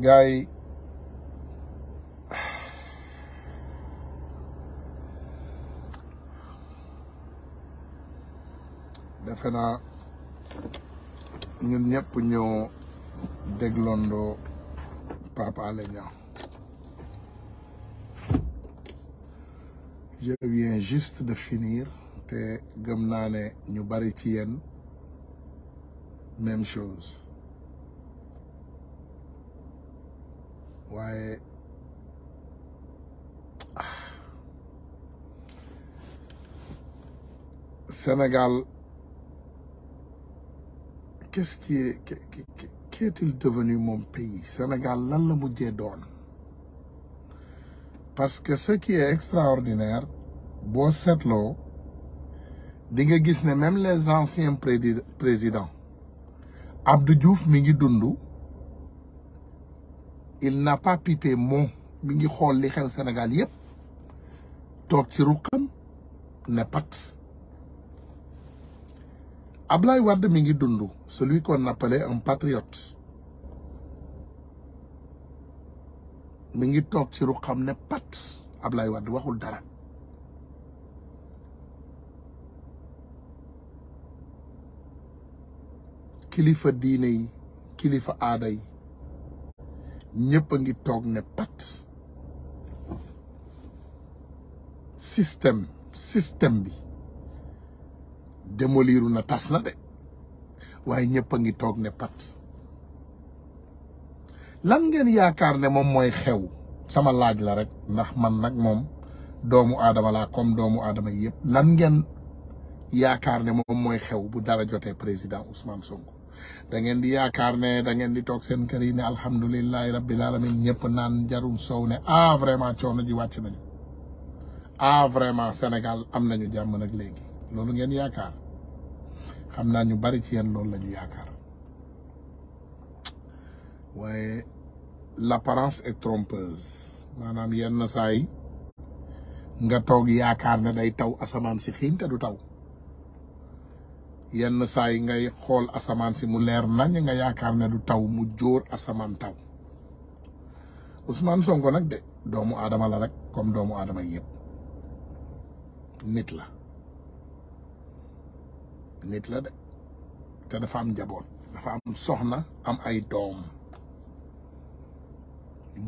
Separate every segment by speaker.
Speaker 1: gars defe naa ñun ñëpp ñoo dégloondoo Pape Alé Niang je viens juste de finir te gëm naa ne ñu bari ci yéen même chose Ah. Sénégal qu'est-ce qui est il devenu mon pays Sénégal lan la donne parce que ce qui est extraordinaire c'est cette' di nga même les anciens présidents Abdou Diouf mi il n'a pas pipé moom mi ngi xool li xew Sénégal yépp toog ci ruqam ne pat Ablaye Wade mi ngi dund celui qu'on appelait un patriote mi ngi toog ci ruqam ne pat Ablaye Wade waxul dara kilifa diine yi kilifa aada yi ñëpp a ngi toog ne pat système système bi démoliru na tas na de waaye ñëpp a ngi toog ne pat lan ngeen yaakaar ne moom mooy xew sama laaj la rek ndax man nag moom doomu aadama laa comme doomu aadama yëpp lan ngeen yaakaar ne moom mooy xew bu dara jotee président Ousmane Sonko da ngeen di yaakaar ne da ngeen di toog seen kër yi ne alhamdulilahi rabbil alamin ñëpp naan njarum sow ne ah vraiment coono ji wàcc nañu ah vraiment Sénégal am nañu jàmm nag léegi loolu ngeen yaakaar xam naa ñu bari ci yéen loolu la ñu yaakaar waaye l'apparence est trompeuse maanaam yenn saa yi nga toog yaakaar ne day taw asamaan si xiin te du taw. yenn saa ngay xol asaman si mu leer nañ nga yaakar ne du taw mu jor asaman taw usman songo nak de doomu adama la rek comme doomu adama nit la nit la de te dafa am jabor, dafa am soxna am ay doom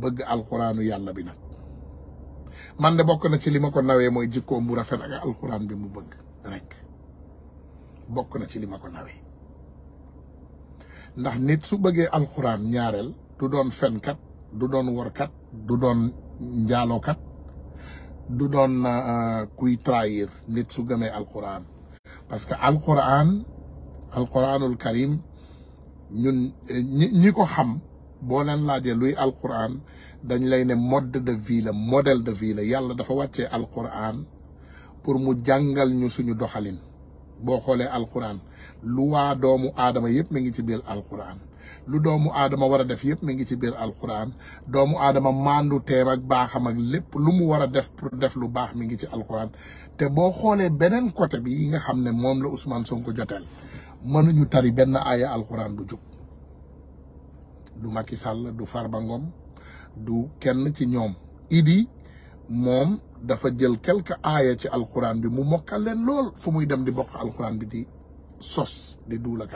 Speaker 1: bëgg alxuraanu yalla bi nak man de bokk na ci li ma ko nawee mooy rafet ak bi mu bëgg rek bokk na ci li ko nawee ndax nit su bëggee alxuraan ñaareel du doon fenkat du doon workat du doon njaalookat du doon euh, kuy trahir nit su gëmee alxuraan parce que alxuraan alxuraanul karim ñun eh, ñi ñi ko xam boo leen laajee luy alxuraan dañ lay ne mode de vie la modèle de vie yàlla dafa wàccee alxuraan pour mu jàngal ñu suñu doxalin boo xoolee alquran lu waa doomu aadama yëpp mi ngi ci biir alxuraan lu doomu aadama war a def yëpp ma ngi ci biir alxuraan doomu aadama maandu teem ak baaxam ak lépp lu mu war a def pour def lu baax mi ngi ci alquran te boo xoolee beneen côté bi yi nga xam ne moom la Ousmane Sonko joteel mënuñu tari benn aaya alxuraan bu jub du Macky Sall du Farba Ngom du kenn ci ñoom idi moom dafa jël quelque aaya ci alxuraan bi mu mokkal leen lool fu muy dem di bokk alxuraan bi di sos di duul ak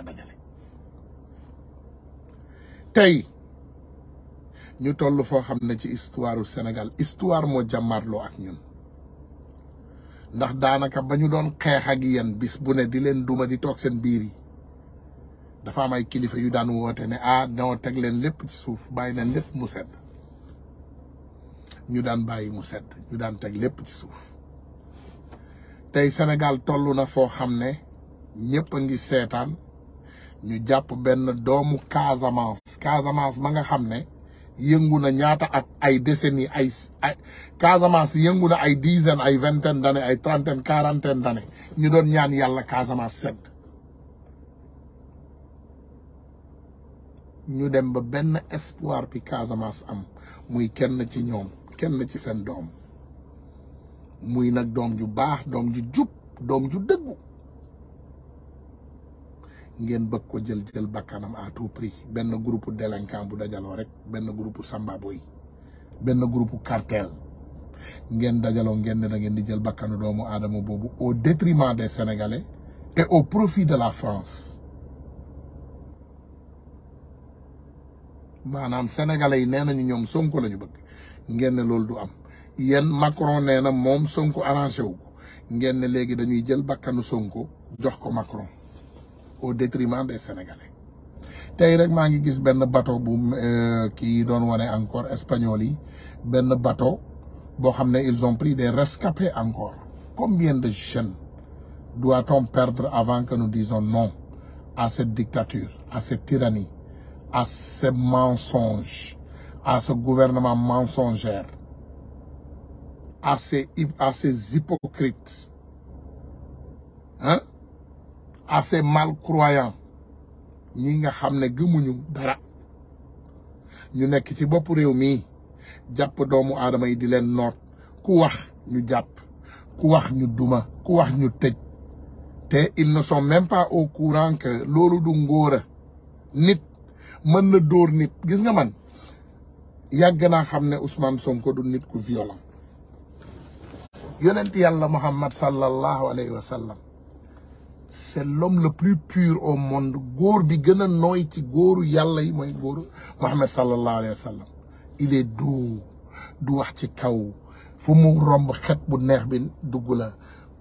Speaker 1: tey ñu toll foo xam ne ci histoire Sénégal histoire moo jàmmarloo ak ñun ndax daanaka ba ñu doon xeex ak yéen bis bu ne di leen duma di toog seen biir yi dafa am ay kilifa yu daan woote ne ah non teg leen lépp ci suuf bàyyi leen lépp mu sedd ñu daan bàyyi mu set ñu daan teg lépp ci suuf tey Sénégal toll na foo xam ne ñëpp a ngi seetaan ñu jàpp benn doomu Casamance Casamance ma nga xam ne yëngu na ñaata ak ay décennies ay ay Casamance yëngu na ay dizaine ay vingtaine d'années ay trentaine quarantaine d'années ñu doon ñaan yàlla Casamance set ñu dem ba benn espoir bi Casamance am muy kenn ci ñoom kenn ci sen dom muy nak dom ju jujuk, dom ju jub dom ju degg ngeen bëgg ko jël jël bakanam à tout prix ben groupe délinquant bu dajalo rek ben groupe samba boy ben groupe cartel ngeen dajalo ngeen ne da ngeen di jël bakanu doomu aadama bobu au détriment des sénégalais et au profit de la France manam sénégalais yi ñom Sonko lañu bëgg ngeen ne du am yéen Macron nee na moom Sonko arrangé wu ko ngeen ne dañuy jël bakkanu Sonko jox ko Macron au détriment des Sénégalais tay rek ma ngi gis ben bateau bu euh, ki don wane encore espagnol yi ben bateau bo xamné ils ont pris des rescapés encore combien de jeunes doit-on perdre avant que nous disions non à cette dictature à cette tyrannie à ces mensonges à ce gouvernement mensongère, à ces, hypocrites, hein? à ces malcroyants, ni nga dara ñu nekk ci mi doomu di duma ils ne sont même pas au courant que lolu du nit nit gis man yàgg naa xam ne Ousmane Sonko du nit ku violent yonent yàlla Muhammad sallallahu alayhi wa sallam c'est l'homme le plus pur au monde góor bi gën a nooy ci góoru yàlla yi mooy góoru Muhammad sallallahu alayhi wa sallam il du wax ci kaw fu mu romb xet bu neex bi dugg la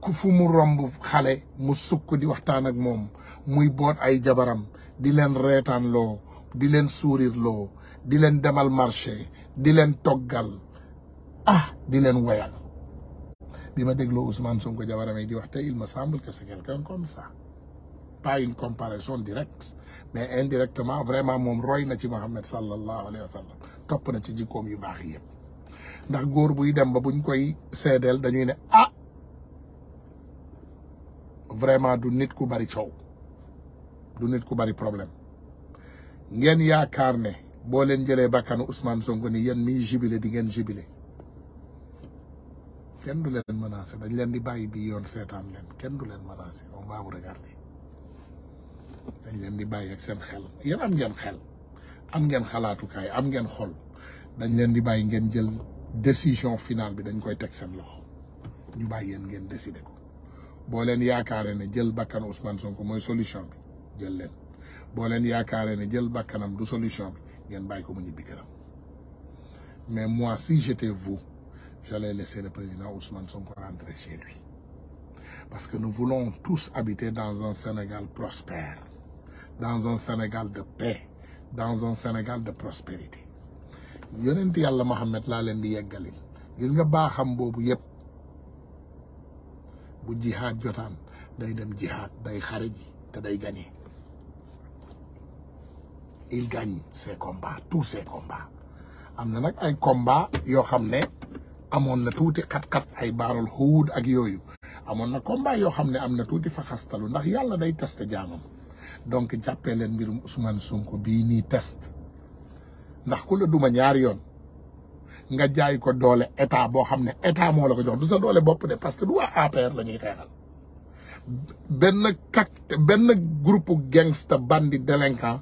Speaker 1: ku fu mu romb xale mu sukk di waxtaan ak moom muy boot ay jabaram di leen reetaan loo di leen sourire loo di leen demal marché di leen toggal ah di leen woyal bi ma dégloo Ousmane Sonko jabaramee di wax tey il me semble que c'est quelqu'un comme ça pas une comparaison directe mais indirectement vraiment moom roy na ci Mohammed sallallahu alayhi wa sallam topp na ci jikkoom yu baax yëpp ndax góor buy dem ba buñ koy seedeel dañuy ne ah vraiment du nit ku bari sow du nit ku bari problème ngeen yaakaar ne boo leen jëlee bakkanu Ousmane Sonko ni yéen miy jubilé di ngeen jubilé kenn du leen menacé dañ leen di bàyyi bi yoon seetaan leen kenn du leen menacé on va vous regarder dañ leen di bàyyi ak seen xel yéen am ngeen xel am ngeen xalaatukaay am ngeen xol dañ leen di bàyyi ngeen jël décision finale bi dañ koy teg seen loxo ñu bàyyi yéen ngeen décider ko boo leen yaakaaree ne jël bakkanu Ousmane Sonko mooy solution bi jël leen boo leen yaakaaree ne jël bakkanam du solution bi mais moi si j'étais vous j'allais laisser le président Ousmane Sonko rentrer chez lui parce que nous voulons tous habiter dans un Sénégal prospère dans un Sénégal de paix dans un Sénégal de prospérité yonent Allah Mohamed laa leen di yeggalil gis nga le boobu yëpp bu jihaad jotaan day dem jihaad day xare ji te day gagner. il gagne ses combats tous ses combats am na ay combat yo xam amon amoon na tuuti kat xat ay baarul xuud ak yooyu amoon na combat yoo xam ne am na tuuti ndax day test jamam. donc jàppee leen mbirum Ousmane Sonko bii test ndax ku la duma Ngajai yoon nga jaay ko doole état boo xam état moo la ko jox du sa doole de parce que du waa APR la ñuy xeexal kak benn groupe gangster bandi délinquant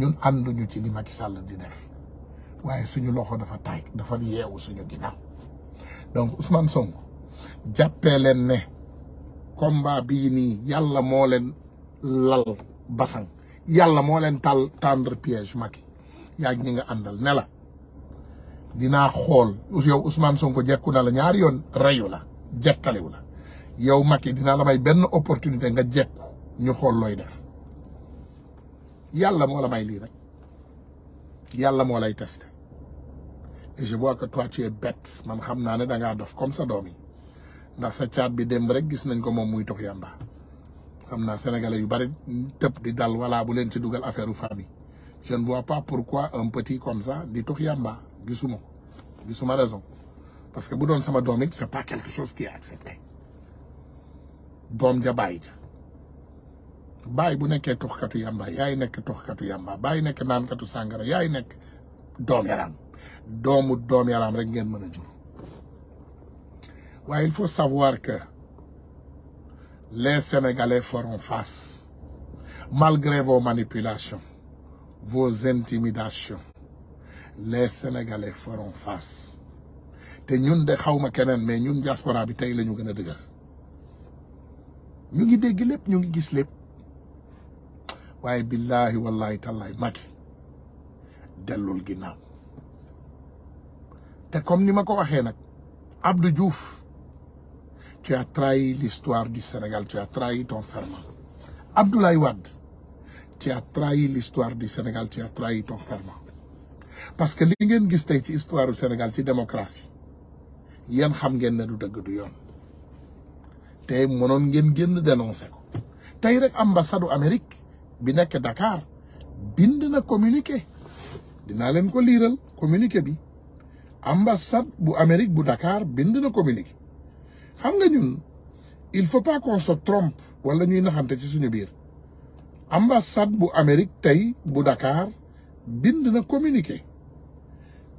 Speaker 1: ñun anduñu ci li Macky Sall di def waye suñu loxo dafa tay dafa yewu suñu ginnaaw donc Ousmane Sonko jappé len né combat bi ni yalla mo len lal basang yalla mo len tal tendre piège Macky ya gi nga andal né la dina xol yow Ousmane Sonko jekku na la ñaar yoon rayu la jekkaliwu la yow Macky dina la may ben opportunité nga jekku ñu xol loy def yàlla moo la may lii rek yàlla moo lay test. et je vois que toi tu es bête man xam naa ne da ngaa dof comme ça doom yi ndax sa caat bi démb rek gis nañ ko moom muy tux yàmba xam naa sénégalais yu bari tëb di dal wala bu leen ci dugal affaire famille je ne vois pas pourquoi un petit comme ça di tux yàmba gisuma ko gisuma raison parce que bu doon sama doom c'est pas quelque chose qui est accepté doom ja baay bu nekkee toxkatu yamba yaay nekk toxkatu yamba baay nekk naankatu sangara yaay nekk dom yaram doomu dom yaram rek ngeen meuna a jur waaye il faut savoir que les Sénégalais feront face malgré vos manipulations vos intimidations les Sénégalais feront face te ñun de xawma kenen mais ñun diaspora bi tay lañu gëna gën ñu ngi dégg lépp ñu ngi gis lépp waaye billaahi wallaahi tallaahi Macky dellul ginnaaw te comme ni ma ko waxee nag Abdou Diouf tu as trahi l'histoire du Sénégal tu as trahi ton serment Abdoulaye Wade tu as trahi l'histoire du Sénégal tu as ton serment parce que li ngeen gis tey ci histoire du Sénégal ci démocratie yéen xam ngeen ne du dëgg du yoon tey mënoon ngeen génn dénoncé ko tey rek ambassade Amérique bi nekk Dakar bind na communiqué dinaa leen ko liiral communiqué bi ambassade bu Amérique bu dakaar bind na communiqué xam nga ñun il faut pas qu'on se trompe wala ñuy naxante ci suñu biir ambassade bu Amérique tey bu Dakar bind na communiqué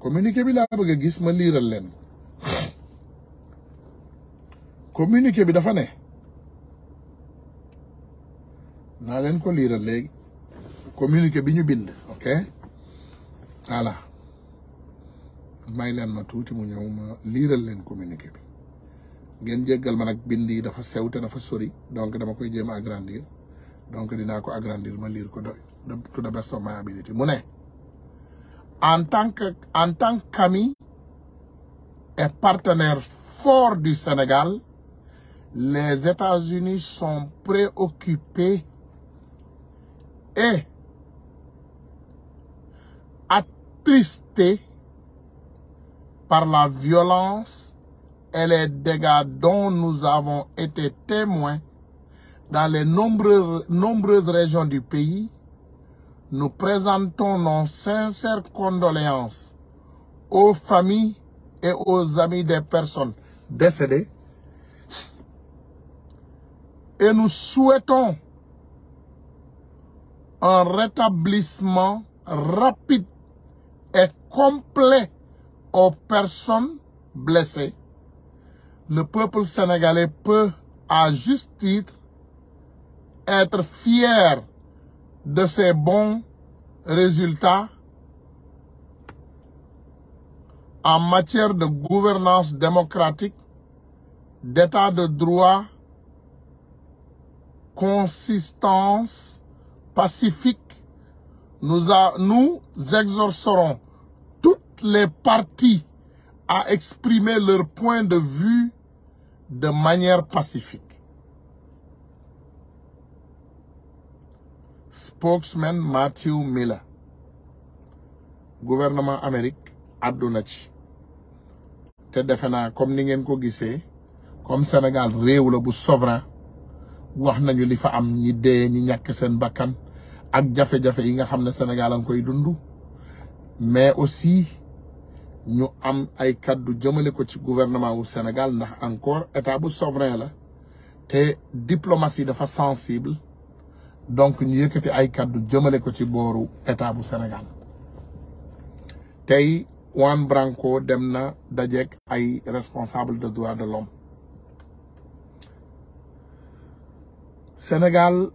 Speaker 1: communiqué bi laa bëgg a gis ma liiral leen communiqué bi dafa ne naa leen ko liiral léegi communiqué biñu ñu bind ok voilà may leen ma touti mu ñëw ma liiral leen communiqué bi ngeen jéggal ma nak bind yi dafa sew te dafa sori donc dama koy jéem agrandir donc dina ko agrandir ma lire ko do to the best of my ability mu ne en tant que en tant qu'ami et partenaire fort du Sénégal les États-Unis sont préoccupés et attristé par la violence et les dégâts dont nous avons été témoins dans les nombreuses, nombreuses régions du pays, nous présentons nos sincères condoléances aux familles et aux amis des personnes décédées et nous souhaitons un rétablissement rapide et complet aux personnes blessées. Le peuple sénégalais peut, à juste titre, être fier de ses bons résultats en matière de gouvernance démocratique, d'état de droit, consistance pacifique, nous, nous exorcerons toutes les parties à exprimer leur point de vue de manière pacifique. Spokesman Matthew Miller gouvernement Amérique Abdou comme le Sénégal souverain nous que ak jafe-jafe yi nga xam ne Sénégal a ngi koy dund mais aussi ñu am ay kaddu jëmale ko ci gouvernement wu Sénégal ndax encore état bu souverain la te diplomatie dafa sensible donc ñu yëkkati ay kaddu jëmale ko ci booru état bu Sénégal tey Juan Branco dem na dajeek ay responsable de droits de l'homme Sénégal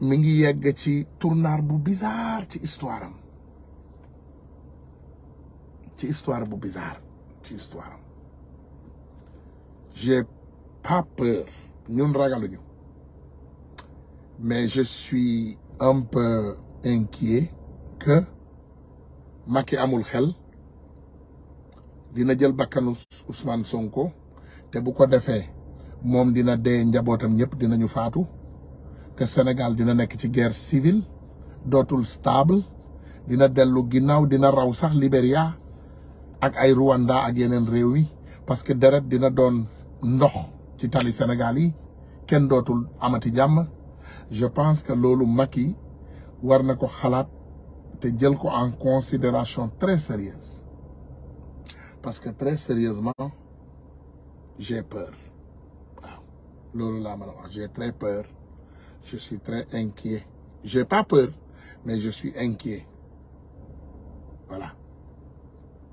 Speaker 1: mingi yegg ci tournar bu bizarre ci histoire am ci histoire bu bizarre ci histoire am j'ai pas peur ñun ñu mais je suis un peu inquiet que Macky amul xel dina jël bakkanu Ousmane Sonko té bu ko défé mom dina dee njabotam ñep dinañu faatu que le Sénégal dina nekk ci guerre civile dootul stable dina delu ginnaaw dina raw sax Libéria ak ay Rwanda ak yenen réew yi parce que deret dina don ndox ci tali Sénégal yi ken dotul amati jàmm je pense que lolu maki war na ko te djel ko en considération très sérieuse parce que très sérieusement j'ai peur lolu la mala wax j'ai très peur je suis très inquiet. J'ai pas peur, mais je suis inquiet. Voilà.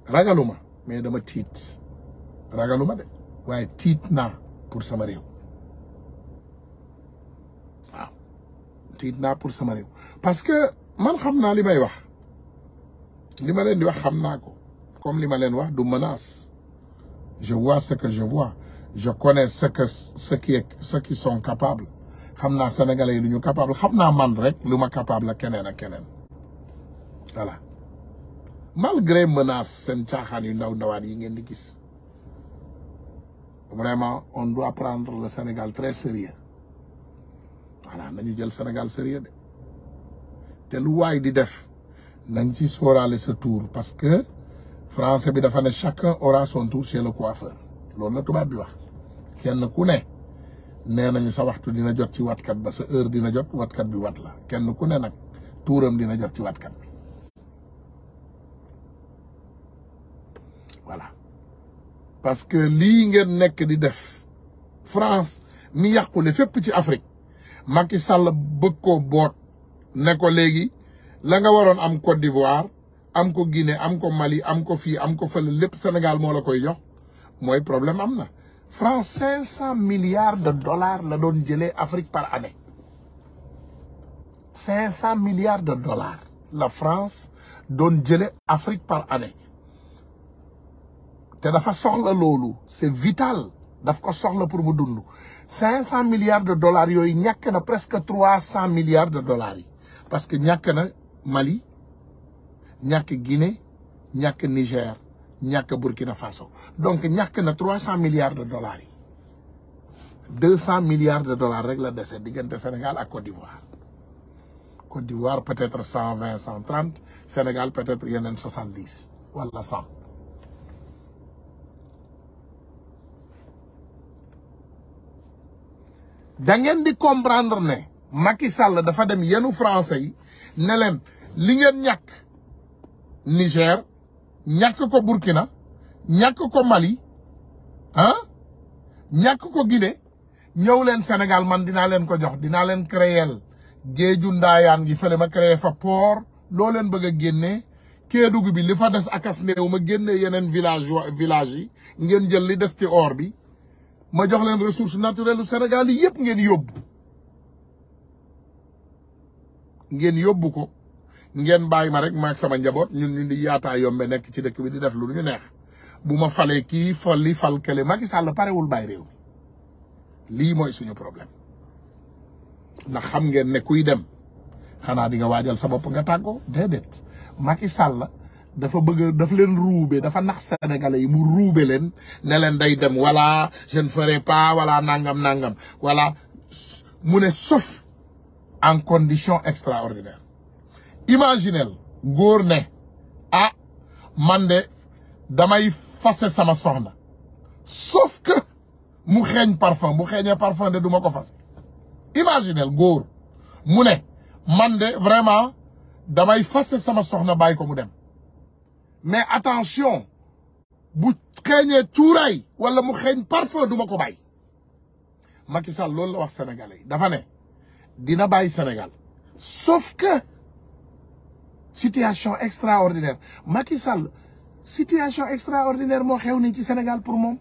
Speaker 1: ragaluma mais dama tiit ragaluma de waaye tit na pour Samaréo. réew waaw tiit pour Samaréo. parce que man xam ce li may wax li malen di wax ko comme li malen leen wax du menace je vois ce que je vois je connais ce que ce qui est ce qui sont capables xamna sénégalais yi ñu capable xamna man rek luma capable ak keneen ak keneen voilà malgré menace sen tiaxan yu ndaw ndawaat yi ngeen di gis vraiment on doit prendre le Sénégal très sérieux voilà nañu jël Sénégal sérieux de té lu way di def nañ ci sóoraale ce tour parce que français bi dafa né chacun aura son tour chez le coiffeur loolu la tubaab bi wax kenn ku né nenañu sa waxtu dina jot ci watkat ba sa heure dina jot watkat bi wat la kenn ku ne nak touram dina jot ci watkat bi voilà parce que li ngeen nek di def France mi le fep ci Afrique Macky Sall bëgg bot ne ko legui la nga waron am Côte d'Ivoire am ko Guinée am ko Mali am ko fi am ko fële lepp Sénégal mo la koy jox moy problème amna France 500 milliards de dollars la donne jëlee Afrique par année 500 milliards de dollars la France donne Afrique par année C'est vital. 500 milliards c'est vital il n'y a pour mu 300 milliards de dollars parce qu'il que presque 300 milliards de dollars parce que Guinée il Mali a Guinée Niger ñak Burkina Faso donc ñak na 300 milliards de dollars 200 milliards de dollars rek la déssé digënté Sénégal ak Côte d'Ivoire Côte d'Ivoire peut-être 120 130 Sénégal peut-être yenen 70 wala 100 da ngeen di comprendre né Macky Sall dafa dem yenu français yi né len li ngeen ñak Niger ñàkk ko Burkina ñàkk ko Mali ah ñàkk ko Guinée ñëw leen Sénégal man dinaa leen ko jox dinaa leen créer géeju ndaayaan gi fële ma créer fa port loo leen bëgg a génnee Kédougou bi li fa des akas néew ma génne yeneen village village yi ngeen jël li des ci or bi ma jox leen ressource naturelle u Sénégal yëpp ngeen yóbbu ngeen yóbbu ko ngeen bàyyi ma rek maak sama njabot ñun ñu di yaata yombe nek ci dekk bi di def lu ñu neex buma falé ki fal li fal kële Macky Sall parewul bàyyi réew mi lii suñu problème ndax xam ngeen ne kuy dem xana di nga wajal sa bop nga taggo dedet Macky Sall dafa bëgg dafa leen roubé dafa nax sénégalais yi mu roubé leen ne leen day dem wala je ne ferai pas wala nangam nangam wala mu ne sauf en condition extraordinaire imaginez góor ne ah mande de damay sama soxna sauf que mu xégn parfum mu xégné parfum de du ma ko fass imaginel mu vraiment damay fassé sama soxna bay ko mu dem mais attention bu xeeñee touray wala mu xégn parfum du ma ko bay Macky Sall wax sénégalais dafa dina bay Sénégal sauf que situation extraordinaire Macky Sall situation extraordinaire moo xew ni ci Sénégal pour moi.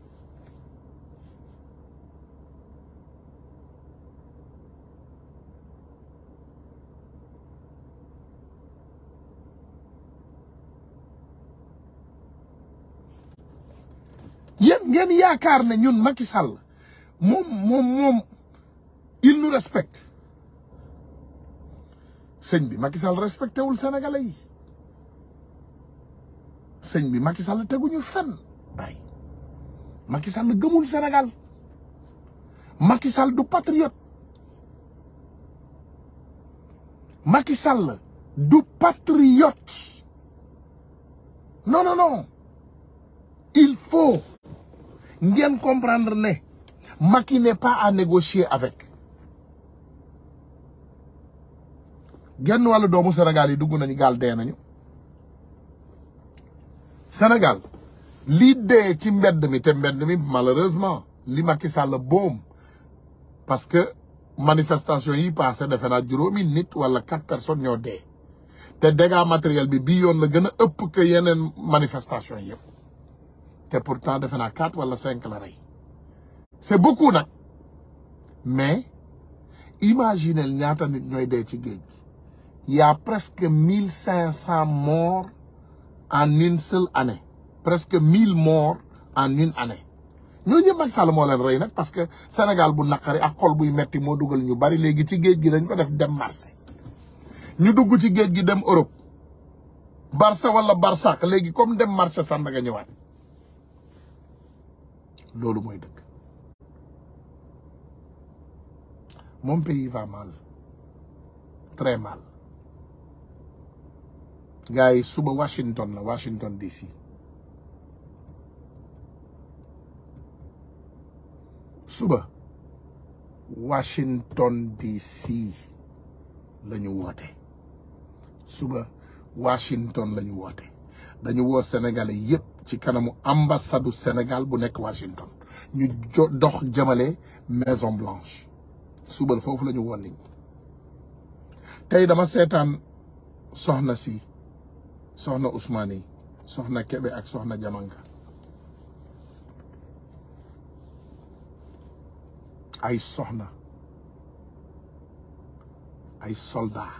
Speaker 1: Il y a un ñun Macky Sall il nous respecte c'est bi Macky Sall respecté wul sénégalais yi sëñ bi Macky Sall téguñu fenn bay Macky Sall gëmul Sénégal Macky Sall du patriote Macky Sall du patriote non non non il faut bien comprendre né Macky n'est pas à négocier avec genn wàllu doomu Sénégal yi dugg nañu gaal dee nañu Sénégal lii dee ci mbedd mi te mbedd mi malheureusement li sàll Sall boom parce que manifestation yi passé defe naa juróomi nit wala quatre personnes ñoo dee te dégâts matériel bi bi yoon la gën a ëpp que yeneen manifestation yëpp te pourtant defe naa quatre wala cinq la rey c'est beaucoup nag mais imaginez ñaata nit ñooy dee ci géej gi il y a presque 1500 morts en une seule année. Presque 1000 morts en une année. Nous ñëpp Macky Sall moo leen rey nag parce que Sénégal bu nakari ak xol buy metti mo duggal ñu bari légui ci géej gi dañ ko def dem marché ñu dugg ci géej gi dem Europe Barça wala Barça. légui comme dem marché nga ñëwaat Lolu moy dëgg mon pays va mal très mal gars suba Washington la Washington DC suba Washington DC la ñu woote suba Washington la woote dañu woo Sénégalais yépp ci kanamu ambassadu Sénégal bu nekk Washington ñu jo dox jëmale Maison Blanche suba foofu lañu ñu woon nit ñi tey dama seetaan soxna si. soxna Ousmane yi soxna Kébé ak soxna Jamanka ay soxna ay soldat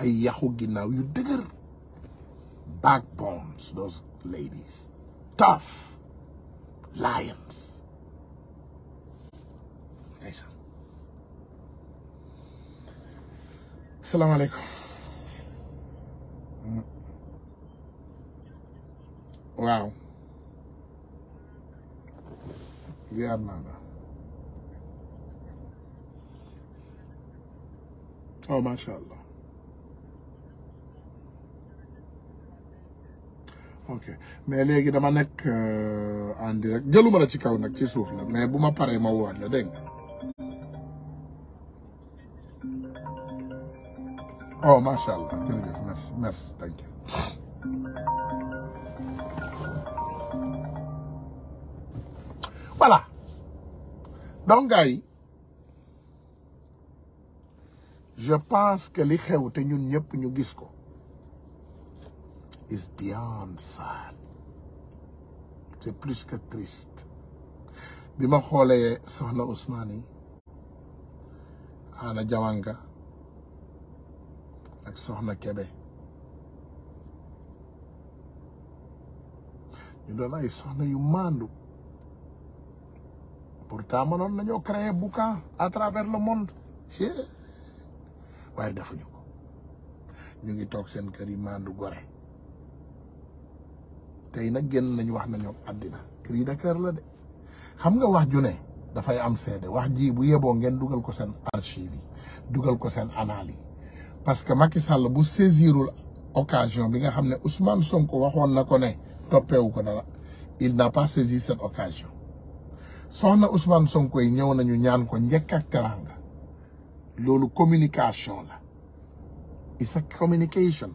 Speaker 1: ay yaxu ginnaaw yu dëgër backbones those ladies tough lions ay salaamaaleykum waaw ziar naa la oh macha allah ok mais léegi dama nekk euh, en direct jëluma la ci kaw nag ci suuf la mais bu ma paree moo woowaat la dégg oh macha allah jërëjëf merci merci thank you voilà donc gars je pense que li xew te ñun ñëpp ñu gis ko is beyond sad c'est plus que triste bi ma xoolee soxna Ousmane yi ana Jawanga ak Soxna Kebe ñu doon ay soxna yu maandu pourtant mënoon nañoo créer boucan à travers le monde si waaye defuñu ko ñu ngi toog seen kër yi maandu gore tey nag génn nañ wax nañoo àddina kër yi Dakar la de xam nga wax ju ne dafay am seede wax ji bu yeboo ngeen dugal ko seen archive yi dugal ko seen annales yi parce que Macky Sall bu saisir saisirul occasion bi nga xam ne Ousmane Sonko waxoon na ko ne toppeewu ko dara il n'a pas saisi cette occasion soxna Ousmane Sonko yi ñëw nañu ñaan ko njëkk ak teranga loolu communication la it's a communication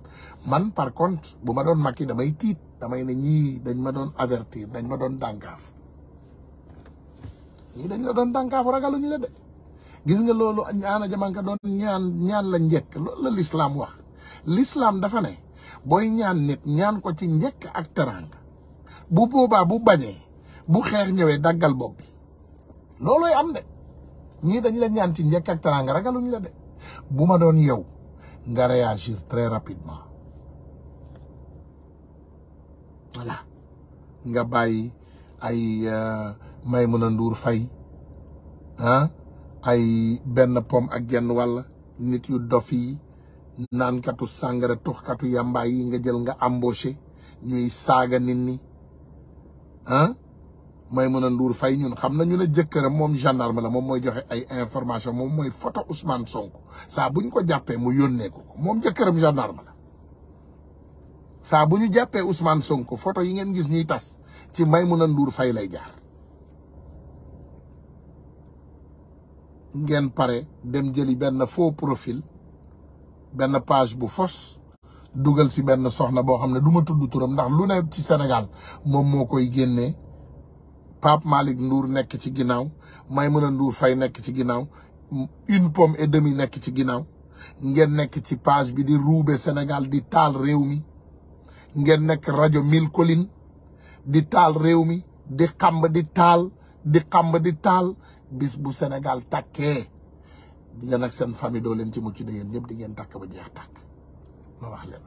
Speaker 1: man par contre bu ma doon Macky damay tiit damay na ñii dañ ma doon avertir dañ ma doon dànkaaf ñii dañ la doon dànkaafu ragaluñu la de gis nga loolu ñaana ka doon ñaan ñaan la ñek lolu l'islam wax l'islam dafa ne boy ñaan nit ñaan ko ci ñek ak teranga bu boba bu bañee bu xex ñewé daggal bop bi loolooy am de ñi dañ la ñaan ci ñek ak ragalu ñu la de bu ma doon yow nga réagir très rapidement wala nga bayyi ay euh, maymuna Ndour Faye ah ay ben pom ak genn wala nit yu dof yi naankatu sàngara katu yamba yi nga jël nga embauché ñuy saga nit hein ah mëna Ndour fay ñun xam nañu la jëkkëram mom gendarme la mom moy joxe ay information mom moy photo Ousmane Sonko sa buñ ko jappé mu yonne ko mom moom gendarme la sa buñu jappé Ousmane Sonko photo yi ngeen gis ñuy tass ci mëna Ndour fay lay jaar ngeen pare dem jëli benn foo profil benn page bu fos dugal si benn soxna boo xam ne duma tudd turam ndax lu nekk ci senegal moom moo koy génnee Pape Malick nduur nekk ci ginnaaw may Maïmouna Ndour fay nekk ci ginnaaw une pomme et nekk ci ginnaaw ngeen nekk ci page bi di ruube senegal di taal réew mi ngeen nekk rajo Mille kolin di taal réew mi di xamb taal di xamb di taal bis bu Sénégal takkee yéen ak seen famille doo leen ci mucc de yéen ñëpp di ngeen takk ba jeex takk ma wax leen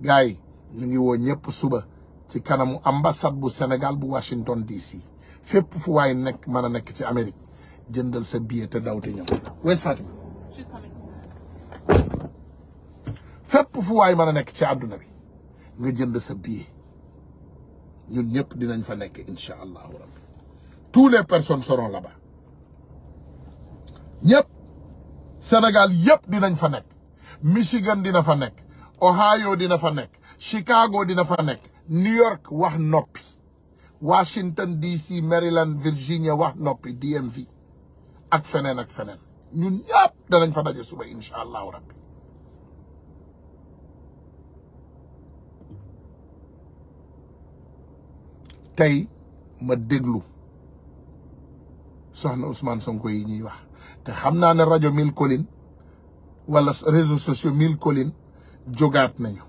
Speaker 1: gars yi ñu ngi woo ñëpp suba ci kanamu ambassade bu senegal bu Washington DC fépp fu waay nekk mën a nekk ci Amérique jëndal sa billet te daw te ñëw wees Fatima fu waay mën a nekk ci àdduna bi nga jënd sa billet ñun ñëpp dinañ fa nekk incha allahu rabbi tous les personnes seront là-bas ñëpp Sénégal yëpp dinañ fa nekk Michigan dina fa nekk Ohio dina fa nekk Chicago dina fa nekk New York wax noppi Washington DC Maryland Virginia wax noppi DMV ak feneen ak feneen ñun ñëpp danañ fa daje suba incha allahu rabbi tey ma déglu soxna Ousmane Sonko yi ñuy wax te xamna na radio rajo colline wala réseaux sociaux mil colline jogat nañu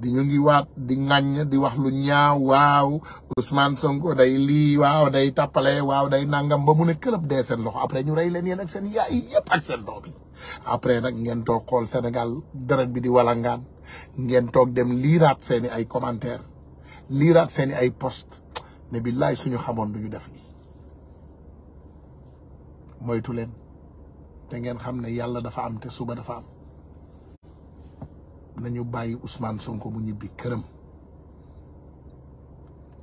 Speaker 1: di ñu ngi waat di ngagn di wax lu ñaaw waaw Ousmane Sonko day li waaw day tapalé waaw day nangam ba mu ne club dé sen loxo après ñu ray leen yéen ak sen yaay yépp ak sen doom yi après nak ngeen xol Sénégal dérëb bi di walangaan ngeen tok dem lirat seni ay commentaire lirat seni ay post ne billahi suñu xamone duñu def ni moytu leen te ngeen xam ne yàlla dafa am te suba dafa am nañu bàyyi Ousmane Sonko mu ñibbi këram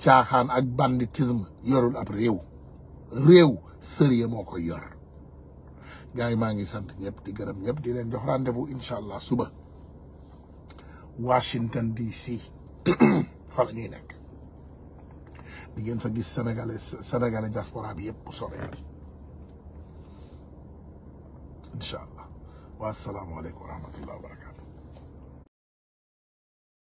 Speaker 1: caaxaan ak banditisme yorul ab réew réew sérieux moo koy yor gars yi maa ngi sant ñëpp di gërëm ñëpp di leen jox rendez-vous incha allah suba Washington DC fa la ñuy nekk di ngeen fa gis sénégalais sénégalais diaspora bi yëpp bu إن شاء الله والسلام عليكم ورحمة الله وبركاته